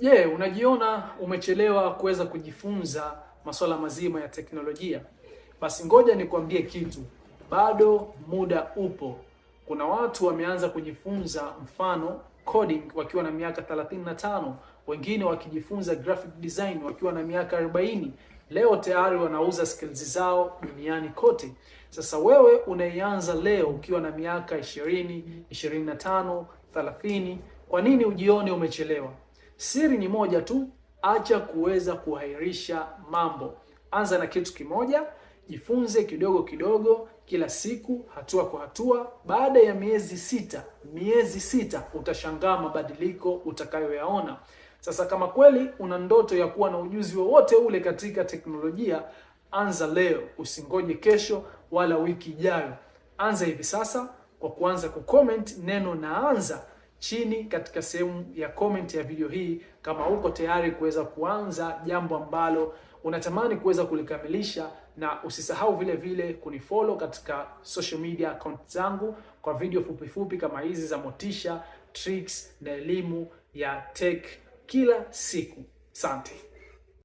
Je, yeah, unajiona umechelewa kuweza kujifunza masuala mazima ya teknolojia? Basi ngoja nikwambie kitu, bado muda upo. Kuna watu wameanza kujifunza mfano coding wakiwa na miaka 35, wengine wakijifunza graphic design wakiwa na miaka 40. Leo tayari wanauza skills zao duniani kote. Sasa wewe unaianza leo ukiwa na miaka 20, 25, 30, kwa nini ujione umechelewa? Siri ni moja tu, acha kuweza kuahirisha mambo. Anza na kitu kimoja, jifunze kidogo kidogo kila siku, hatua kwa hatua. Baada ya miezi sita, miezi sita utashangaa mabadiliko utakayoyaona. Sasa kama kweli una ndoto ya kuwa na ujuzi wowote ule katika teknolojia, anza leo, usingoje kesho wala wiki ijayo. Anza hivi sasa kwa kuanza kucomment neno naanza chini katika sehemu ya comment ya video hii, kama uko tayari kuweza kuanza jambo ambalo unatamani kuweza kulikamilisha, na usisahau vile vile kunifollow katika social media account zangu kwa video fupi fupi kama hizi za motisha, tricks na elimu ya tech kila siku. Asante.